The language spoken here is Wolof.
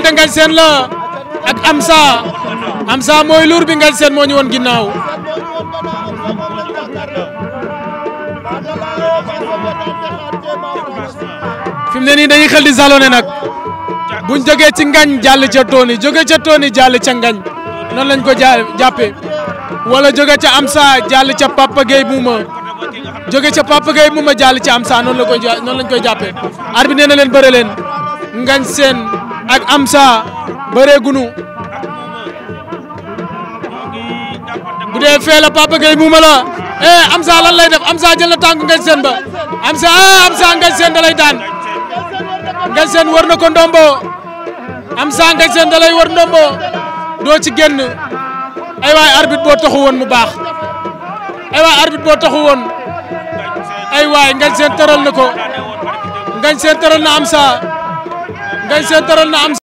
diggante Ngagne Sène la ak Amsa Amsa mooy luur bi Ngagne Sène moo ñu woon ginnaaw nii dañuy xel nag buñ jógee ci Ngagne jàll ca Tony jóge ca Tony jàll ca Ngagne noonu lañ ko jàppee wala jóge ca Amsa jàll ca Papa Gueye Mouma jóge ca Papa Gueye Mouma jàll ca Amsa noonu la koy noonu lañ koy jàppee arbitre nee na leen bëre leen Ngagne Sène ak Amsa bëree gunu bu Papa Gueye muuma la eh Amsa lan lay def Amsa jël na tànku Ngagne Sène ba Amsa ah eh, Amsa Ngagne Sène da daan Ngagne Sène war na Amsa Ngagne Sène da lay doo ci génn ay waay arbitre boo taxu woon mu baax ay waay arbitre boo taxu woon ay waay Ngagne Sène tëral na ko Ngagne Sène Amsa Ngagne Sène tëral na am